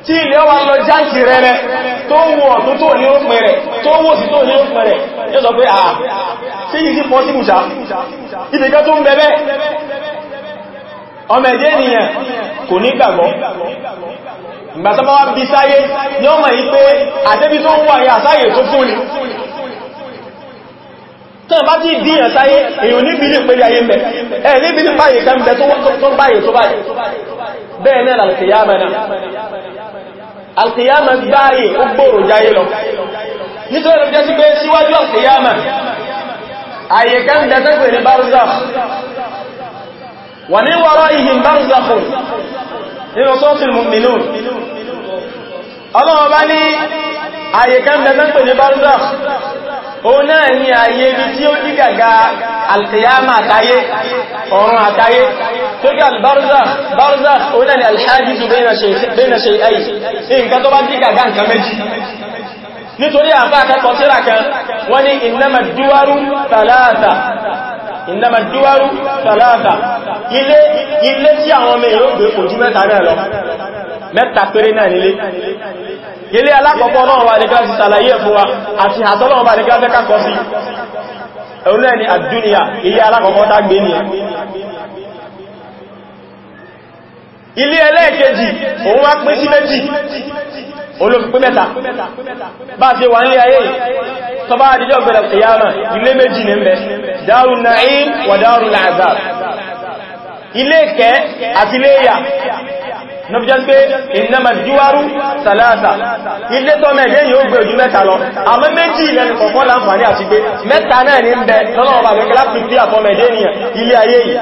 tí ilé wa lọ jáǹkì rẹ rẹ tó wù ọ̀ tó tó ní ó pẹ̀ rẹ̀ tó wù sí tó ní ó pẹ̀ rẹ̀ yóò sọ pé àà ah, tí yìí pọ́ sí mùsà ìdíkẹ́ tó ń bẹ̀bẹ̀ ọmọ ẹ̀dẹ́ ènìyàn kò ní gbàgbọ́ ìgbàtọ́bá wá bí sáyé ní ọmọ yìí pé àdébí tó ń wà ní àsáyè tó fún ní tán bá tí díyàn sáyé èyàn níbìlì pẹ̀lú ayé mẹ́ ẹ̀ níbìlì báyé kẹ́mẹ́ tó báyé tó báyé bẹ́ẹ̀ náà alkiyama náà alkiyama gbáyé ó gbòrò jáyé lọ nítorí ẹ̀rọ jẹ́ sí pé síwájú alkiyama ayé kẹ́mẹ́ tẹ́kùn ní barzakh ومن ورائهم برزخ nínú sọ́tìl mọ̀mìnú ọlọ́wọ́ bá ní àyè kan bẹ̀rẹ̀ pẹ̀lú barzakh o náà ni àyè ibi tí ó dí gàgà alkiyama àtayé ọ̀run àtayé tó gà barzakh barzakh o náà ni alhajizu bayna shay'ayi nǹkan tó bá dí gàgà nǹkan méjì nítorí àfáà kẹ́kọ̀ọ́ síra kan wọ́n ni innama duwaru talata ìnàmà dúwárú tàláàtà ilé tí àwọn ọmọ èèyàn gbé kò jú mẹ́ta náà lọ mẹ́ta péré náà nílé ilé alákọ̀ọ́kọ́ náà wà ní gáàsì sàlàyé fún wa àti àtọ́lọ́wọ́ bá ní gáàsì kàkọ́ sí ẹ̀rùn náà ni àdúnìyà ilé alákọ̀ọ́kọ́ tá gbé ní ilé ẹlẹ́ẹ̀kejì òun wá pín sí méjì olófin pín mẹ́ta bá ti wà nílé ayé tọba àdíjọ́ gbẹ̀rẹ̀ ìyá náà darun na'im wa darun azab ilé ìkẹ́ àti ilé ìyà nọ́bíjẹ́ pé ìnẹ́mà jíwárú sàlẹ́àtà ilé tó mẹ́jẹ́ yóò gbé ojú mẹ́ta lọ àmọ́ méjì ilẹ̀ kọ̀kọ́ láǹfààní àti gbé mẹ́ta náà ní ń bẹ lọ́nà ọba àgbẹ́kẹ́lá pìpí àtọ́mẹ́jẹ́ ènìyàn ilé ayé yìí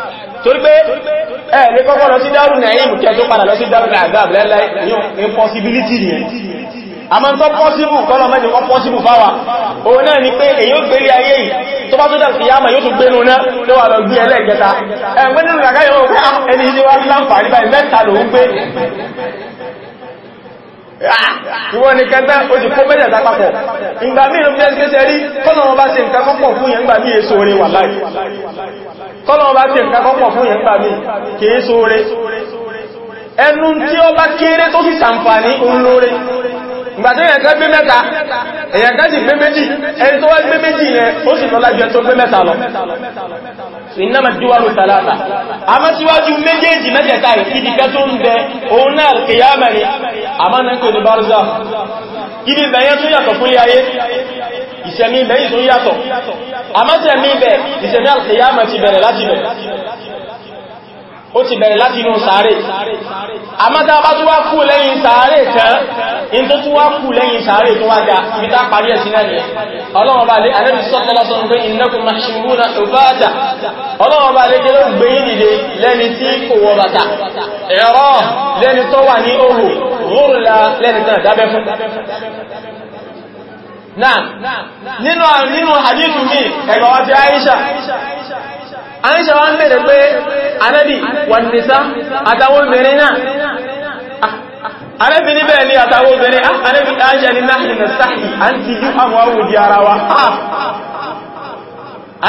torí pé ẹ̀ lè kọ́kọ́ lọ sí dárù na'im kẹ́ tó padà lọ sí dárù al-azab lẹ́lẹ́ impossibility ni àmọ́ tó pọ́síbù kọ́lọ̀ mẹ́jọ kọ́ pọ́síbù fáwà òun náà ni pé èyí ó gbélé ayé yìí tó bá tó dà sí yàmà yóò tún gbénú náà ló wà lọ gbé ẹlẹ́ẹ̀kẹta ẹgbẹ́ nínú kàkà yóò pé ah, ẹni yìí wá láǹfààní báyìí mẹ́ta lòún gbé ìwọ́n ni kẹta ó sì kó mẹ́jẹ̀ta papọ̀ ìgbà mí ló fẹ́ ṣe rí kọ́lọ̀ wọn bá ṣe nǹkan kọ́pọ̀ fún yẹn gbà mí èso orin wà láì tọ́lọ́wọ́ bá ti ẹ̀ká kọ́pọ̀ fún yẹn gbà mí kìí sóre ẹnu tí ó bá kéré tó sì sàǹfàní òun lóre ìgbàtí èyàn kan gbé mẹ́ta èyàn kan sì gbé méjì ẹni tó wá gbé méjì yẹn ó sì lọ́lá jẹ tó gbé mẹ́ta lọ ìnáma díwárò tàlátà a mọ́ síwájú méjèèjì mẹ́tẹ̀ẹ̀ta ìfìdíkẹ́ tó ń bẹ òun náà kìyàmẹ́rin a mọ́ náà kò ní bárúzà ibi ìbẹ̀yẹn tó yàtọ̀ fún ilé ayé ìṣẹ̀mí ibẹ̀ yìí tún yàtọ̀ àmọ́sẹ̀mí ibẹ̀ ìṣẹ̀mí alkiyama ti bẹ̀rẹ̀ láti bẹ̀ ó ti bẹ̀rẹ̀ láti inú sàárè àmọ́ta bá tó wá kú lẹ́yìn sàárè kan in tó tó wá kú lẹ́yìn sàárè tó wá ga mítà parí ẹ̀ sí náà ni ọlọ́wọ́ bá lé alẹ́bí sọ́tọ́lọ́sọ́n pé innakum mahshuruna ubada ọlọ́wọ́ ẹ̀rọ lẹ́ni tó wà ní òhù rúrùlá lẹ́ni tán dábẹ́ fún nínú nínú hadithu mi ẹgbà wá ti Aisha Aisha wọ́n lè pé anẹ́bì wọ́n nìsá àtàwọn obìnrin náà anẹ́bì ah, ah. níbẹ̀ ní àtàwọn obìnrin anẹ́bì ah, Aisha ní náà nìsáhì àti yíò àwọn awòdí ara wa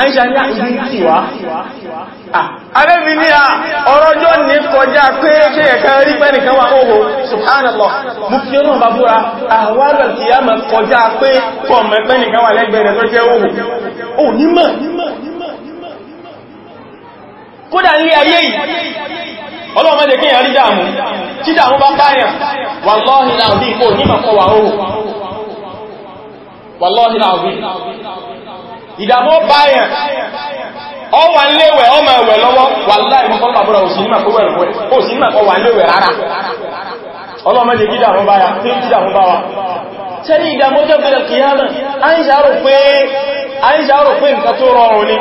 àìṣà ní ìdí ìwá arẹ́bí ní à ọ̀rọ̀jọ́ ní kọjá pé ṣe ẹ̀kà rí pẹ́ nìkan wà oòrùn subhanallah mú kí ọ̀nà bá búra àwárẹ̀ kí á mọ̀ kọjá pé fọ́ọ̀mọ̀ pẹ́ nìkan wà lẹ́gbẹ̀rẹ̀ tó jẹ́ oòrùn ò nímọ̀ kódà ní ayé yìí ọlọ́mọdé kí ẹ̀rí dàmú tí dàmú bá káyàn wallahi ìdàmú báyàn ọwà léwẹ̀ ọmọ ẹ̀wẹ̀ lọ́wọ́ wà láì mọ́ fọ́lọ́bàbọ́ra òsìnímà kó wẹ̀rẹ̀ wẹ̀ òsìnímà kọ wà léwẹ̀ rárá ọlọ́mọdé gídà mú báyà tí ó gídà mú bá wa tẹ́lẹ̀ ìdàmú ọjọ́ bẹ̀rẹ̀ kìíyàmẹ̀ àìsà rò pé nǹkan tó rọrùn ni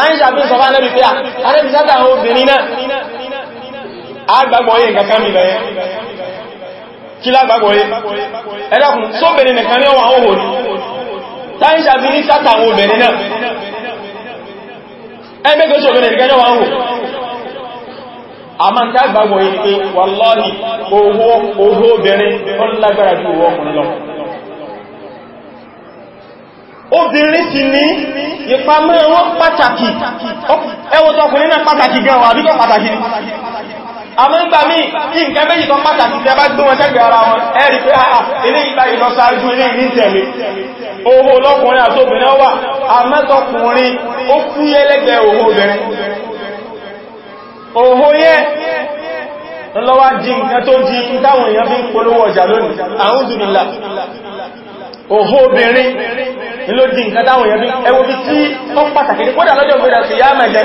láìsà bí sọ bá lẹ́bi pé àrẹ́bí sátà àwọn obìnrin náà àgbàgbọ́ yìí nǹkan kan táyíṣà fi ní sátà àwọn obìnrin náà ẹgbẹ́ kí obìnrin ìgẹ́jọ́ wọn a máa ń ká yìí pé wàlọ́ọ̀lì owó obìnrin ó lágbára ju owó ọkùnrin lọ obìnrin sì ní ìpamọ́ wọn pàtàkì náà pàtàkì àmọ́gbà mí kí nǹkan méjì tán pàtàkì tẹ bá gbé wọn tẹ́gbẹ̀ ara wọn ẹ̀rì pé àà ah, ilé ah, ìgbà ìlọsáájú ilé ìní tẹ̀lé owó lọ́kùnrin àtóbìnrin wà àmẹ́tọkùnrin ó fúyẹ́ lẹ́gbẹ̀ẹ́ owó obìnrin òhó yẹ́ lọ́wọ́ jí nǹkan tó jí táwọn èèyàn fi ń polówó ọjà lónìí àúdù nílá òhó obìnrin ló jí nǹkan táwọn èèyàn fi ẹwọ́ bí tí ó pàtàkì ní kódà lọ́jọ́ gbẹ́dà sí yá mẹ́jẹ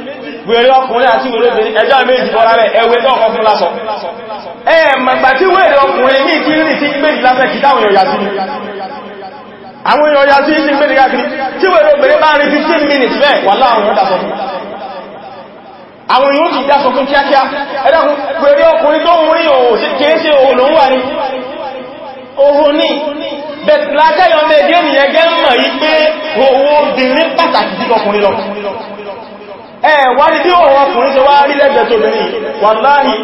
wèrè ọkùnrin àti wèrè obìnrin ẹjọ́ méjì bọ́ra rẹ̀ ẹwẹ́ tọ́kọ fún lásọ ẹ màgbà tí wèrè ọkùnrin ní ti rìn sí méjì lásẹ̀ kí táwọn èèyàn yàtí àwọn èèyàn yàtí sí méjì káàkiri tí wèrè obìnrin bá rí 15 minutes bẹ́ẹ̀ wà láàrin ó dàsọ fún àwọn èèyàn ó ti dàsọ fún kíákíá ẹ̀dàkùn wèrè ọkùnrin tó ń rí òun kìí ṣe òun lòun wà ní ohun ní bẹ̀tìlákẹ́yọ mẹ́dé ènìyàn gẹ́mọ̀ yí pé owó obìnrin pàtàkì sí ọkùnrin lọ ẹ̀wà ní bí òun ọkùnrin tó wá rí lẹ́gbẹ̀ẹ́ tó bìnrin wàláhì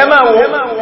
ẹ̀wà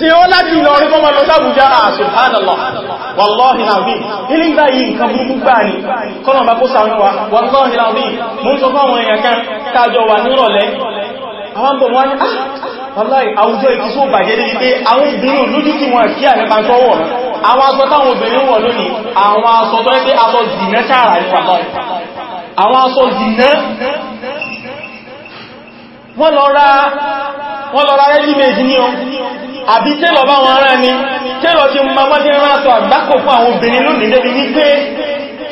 tí ó láti Ìlọrin orí máa lọ sábùjá ah, subhanallah wallahi alazim ilé ìgbà yìí nǹkan burúkú gbà ní kọ́nà bá kó sàánú wa wallahi alazim mú sọ fún àwọn wà ah, àwùjọ ìfisó bàjẹ́ débi pé àwọn obìnrin lójú tí wọ́n kí ànípa sọ́wọ́ àwọn aṣọ obìnrin wọ̀ lónìí àwọn aṣọ ẹgbẹ́ aṣọ zìnà tààrà ní pàtàkì àwọn àbí tẹ́lọ bá wọn rán ni tẹ́lọ ti ma wọ́n tí rán sọ àgbákò fún àwọn obìnrin lónìí débi ní pé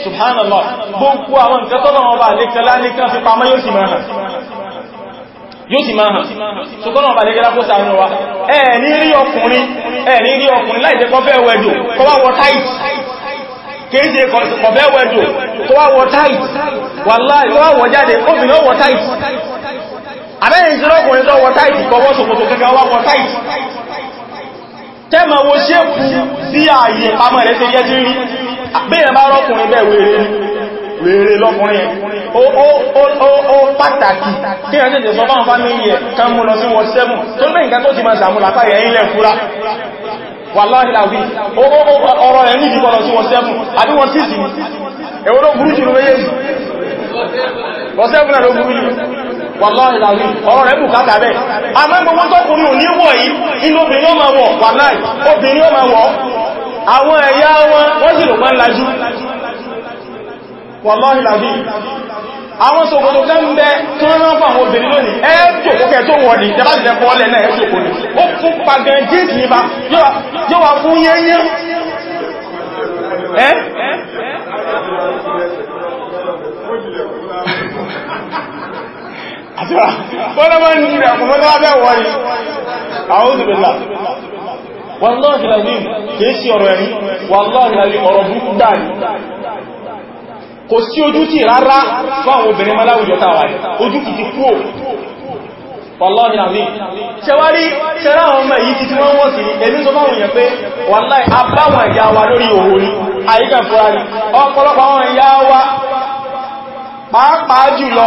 subhanallah gbogbo àwọn nǹkan tọ́lọ wọn bá lẹ́kẹ́lá ní kan fi pamọ́ yóò sì máa hàn yóò sì máa hàn ṣùgbọ́n ọba lẹ́gẹ́lá kó sàánú wa ẹ̀ẹ̀ni rí ọkùnrin ẹ̀ẹ̀ni rí ọkùnrin láì jẹ́ kó fẹ́ wẹ̀dò kó wá wọ táìt kéèjì kó fẹ́ wẹ̀dò wọ jáde obìnrin wọ táìt abẹ́rin sí ọkùnrin tó wọ táìt kọwọ́ ṣòkòtò kẹfẹ́ wá wọ táìt tẹ́mà wo ṣéèkù sí ààyè pàmọ́ rẹ̀ sí yẹ́ sí rí àbẹ́yẹ̀ bá rọ́kùnrin bẹ́ wèrè wèrè lọ́kùnrin ó pàtàkì kí ẹ̀ tẹ́tẹ̀ sọ fáwọn fámílì ẹ̀ kan mú lọ sí wọ́n sẹ́mù tó lẹ́ nǹkan tó ti máa fúra wàláì láàrí ọ̀rọ̀ rẹ̀ bùkátà bẹ́ a máa gbogbo tọ́kùnrin ò ní wọ̀ yìí inú obìnrin ọmọ wọ̀ wàláì obìnrin ọmọ wọ̀ àwọn ẹ̀yà wọn wọ́n sì lòpá lájú wàláì láàrí àwọn ṣòkòtò tẹ́ ń bẹ tí wọ́n rán fún àwọn obìnrin lónìí ẹ jòkókẹ tó wọ̀ ní ìjọba ìjẹ́kọ́ ọlẹ̀ náà ẹ jòkó ní ó fún pàgán jíìsì nípa yóò wà fún yẹ́yẹ́ wọ́n máa ń jìnà kò mọ́lá bẹ́ wọ́n ni a'udhu billah wallahi alazim kìí sí ọ̀rọ̀ ẹ̀rí wallahi alazim ọ̀rọ̀ burúkú gbáà ni kò sí ojú tí rárá fún àwọn obìnrin maláwùjọ táwà ojú kìí kúò wallahi alazim ṣẹwárí ṣẹrá àwọn ọmọ èyí títí wọ́n wọ́n sí ẹni tó báwọn èèyàn pé wallahi abáwọn ìyá wa lórí òhò ni àyíká fúra ni àwọn ìyá wa pàápàá jùlọ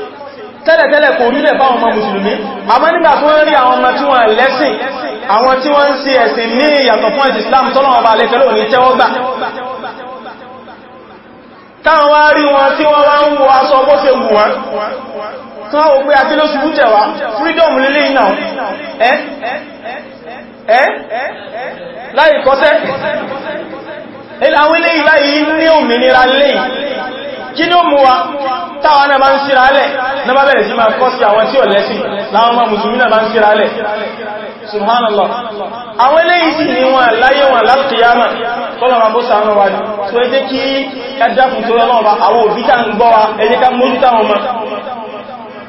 tẹ́lẹ̀tẹ́lẹ̀ kò rí lẹ̀ fáwọn ọmọ mùsùlùmí àmọ́ nígbà tó ń rí àwọn ọmọ tí wọ́n lẹ́sìn àwọn tí wọ́n ń ṣe ẹ̀sìn ní ìyàtọ̀ fún ẹ̀sìn Islam tọ́lọ́wọ́ bá lẹ́kẹ́lẹ́ òní tẹ́wọ́gbà táwọn wá rí wọn tí wọ́n wá ń wọ aṣọ bó ṣe wù wọ́n tí wọ́n wò pé àti ló ṣubú jẹ̀wá freedom lílé iná ẹ́ ẹ́ láì kọ́sẹ́ àwọn ilé ìláyìí ní òmìnira léyìí kí ní ó mú wa táwọn náà bá ń síra alẹ̀ náà bá bẹ̀rẹ̀ sí máa kọ́ sí àwọn tí ò lẹ́sìn láwọn máa mùsùlùmí náà bá ń síra alẹ̀ subhanallah àwọn eléyìí sì ni wọn láyé wọn lákìyàmà tọ́lọ̀mà bó sàánà wájú tó ẹjẹ́ kí ẹjá fún tó lọ́wọ́ àwọn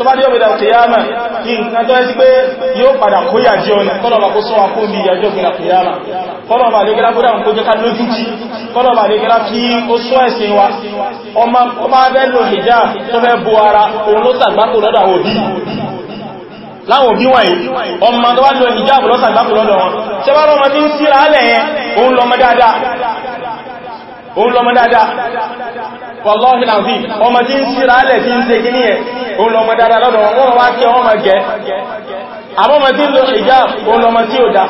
tó bá dé ọmọdé alkiyama nǹkan tó ẹ́sí pé yóò padà kóyà jẹ́ ọ̀nà kọ́lọ̀bà kó sọ́wà kó ní ìyàjọ́ ìgbìnà kiyama kọ́lọ̀bà lè gẹ́lá kó dáhùn kó jẹ́ ká lójú jí kọ́lọ̀bà lè gẹ́lá kí ó sọ ẹ̀sìn wa ọmọ abẹ́ lò hijab tó fẹ́ bo ara òun ló sàgbákò lọ́dọ̀ àwọn òbí láwọn òbí wọ̀nyí ọmọ tó wá lò hijab lọ́sàgbákò lọ́dọ̀ wọn ṣe bá rọmọ tí ń síra alẹ̀ yẹn òun lọmọ dáadáa òun lọmọ dáadáa wàláhì láàfí ọmọ tí ń síra alẹ̀ tí ń ṣe kí ní ẹ̀ òun lọmọ dáadáa lọ́dọ̀ wọn wá kí ọmọ gẹ́ àmọ́mọ tí ń lo ìjá òun lọmọ tí ó dá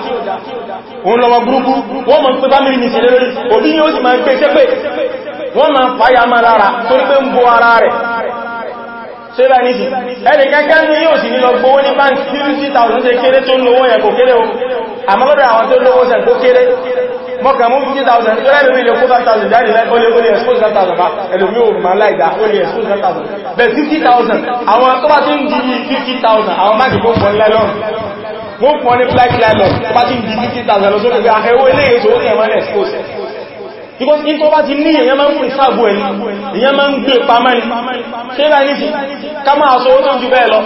òun lọmọ burúkú wọ́n mọ̀ pé fámílì ní sílẹ̀ lórí òbí ni ó sì máa ń pé sẹ́pẹ̀ wọ́n máa fàyà máa lára tó ń pé ń bo ara rẹ̀ ṣe bá ní sí ẹni kankan ní yóò sì ní lọ gbówó ní báńkì 50,000 ṣe o àmọ́lọ́dọ̀ àwọn mọ́kà mú 50,000 tó rẹ̀lú ilẹ̀ 4,000 jáde rẹ̀ olè olè expose 1,000 bá ẹlòmí òòrùn máa láìdá olè expose 1,000 bẹ̀ 50,000 àwọn tó bá tí ń di 50,000 àwọn máàkì kó pọ̀ nílẹ̀ lọ́rùn wọ́n pọ̀ ní flight line lọ bá tí ń di 50,000 lọ sókè pé àhẹ́wó ilé èso ó kẹ̀ mọ́ expose because in tó bá ti ní èyàn máa ń pèsàbò ẹni èyàn máa ń gbé pamọ́ ni ṣe rà ní sí ká máa sọ ó tó jù bẹ́ẹ̀ lọ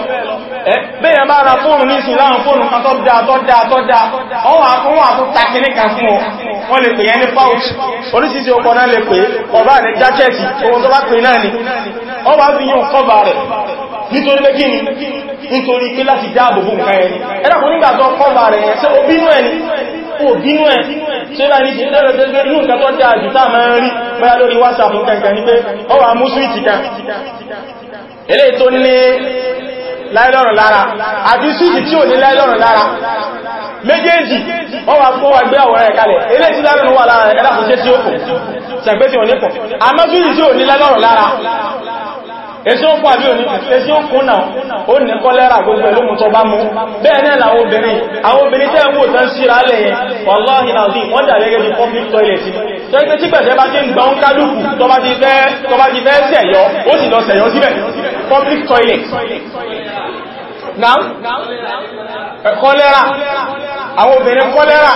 bẹ́yàn bá ra fóònù ní ìsìn láwọn fóònù kan tó dáa tó dáa tó dáa ọwọ́ àkúnwọ́ àkún takiní kan fún ọ wọ́n lè pè yẹn ní pouch orísìsì ọkọ̀ náà lè pè ọba ní jákẹ́ẹ̀tì ohun tó bá pè náà ni ọba fi yóò kọ́bà rẹ̀ nítorí pé kíni nítorí pé láti dáàbò fún nǹkan ẹni ẹ̀dàkùn nígbà tó kọ́bà rẹ̀ yẹn sẹ́ obínú ẹni kò bínú ẹ̀ ṣe bá ní ti tẹ́lẹ̀tẹ́lẹ̀ inú nǹkan tó jẹ́ àjútà máa ń rí báyá lórí whatsapp kankan ní pé ọ wà mú switch kan eléyìí tó ní láìlọ́rùn lára àti switch tí ò ní láìlọ́rùn lára méjèèjì wọ́n wà fún àgbé àwọ̀rẹ́ ẹ̀kalẹ̀ ilé tí lárùn wà lára ẹ̀kẹ́lá fún jẹ́ tí ó kù sẹ̀gbé tí ò ní kù àmọ́ switch tí èsí ó pàbí òní èsí ó kún náà ó ní kọ́lẹ́rà gbogbo ẹlú mú tọ bá mú bẹ́ẹ̀ náà làwọn obìnrin àwọn obìnrin tẹ́ wò tán síra lẹ́yìn wàláhì náà sí wọ́n dà gẹ́gẹ́ bí public toilet tó ẹgbẹ́ tí pẹ̀sẹ̀ bá ti ń gbọ́n kálùkù tó bá ti fẹ́ sẹ̀yọ́ ó sì lọ sẹ̀yọ́ síbẹ̀ public toilet náà kọ́lẹ́rà àwọn obìnrin kọ́lẹ́rà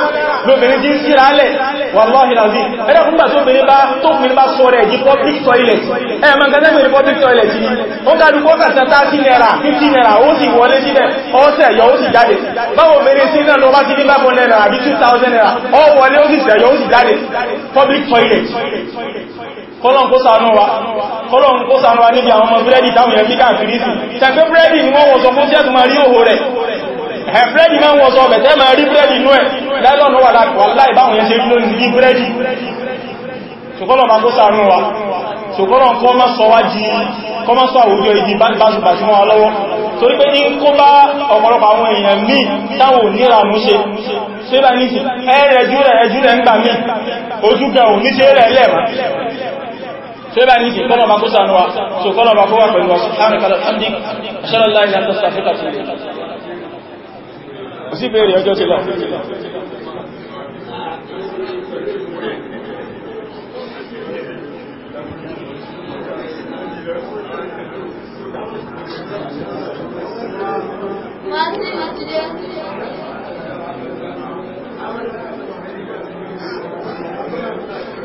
lóbìnrin jí síra alẹ̀ wallahi lazim ẹ̀rẹ́ fún gbàtí obìnrin bá tó mìí bá sọ rẹ̀ jí public toilet ẹ̀ ma gẹ́gẹ́ mìí public toilet yìí ó dájú kó kàtà 30 naira 50 naira ó sì wọlé síbẹ̀ ọ́sẹ̀ yọ ó sì jáde báwo obìnrin sí náà lọ bá ti ní 500 naira àbí 2000 naira ó wọlé ó sì sẹ̀yọ ó sì jáde public toilet kọ́lọ̀n kó sànú wa kọ́lọ̀n kó sànú wa níbi àwọn ọmọ búrẹ́dì táwọn èèyàn kíkà kìí sí tẹ̀gbẹ́ búrẹ́dì ni wọ́n wọ́n sọ fún sí ẹ̀tùn ma rí òhò rẹ̀ ẹ̀ búrẹ́dì máa wọ́n sọ bẹ̀tẹ́ ma rí búrẹ́dì inú ẹ̀ lẹ́lọ́nà wà láìbáwọn yẹn ṣe rí lónìí ní búrẹ́dì ṣùkọ́lọ̀ ma kó sànú wa ṣùkọ́lọ̀ kọ́ má sọ wá jí kọ́ má sọ àwùjọ ìdí báṣubàṣu mọ́ wa lọ́wọ́ torí pé ní kó bá ọ̀pọ̀lọpọ̀ àwọn èèyàn míì táwọn òníra mú ṣe ṣe bá ní sí ẹ̀rẹ̀ ẹjú rẹ̀ ẹjú rẹ̀ ń gbà míì ojú gan òní ṣe rẹ̀ lẹ́ẹ̀mọ́ سيبا نيجي كنا ما كوسا نوا سو كنا ما كوا بنوا سبحانك الحمد وبحمدك اشهد ان لا اله الا انت استغفرك واتوب اليك يا جو تلا Thank you.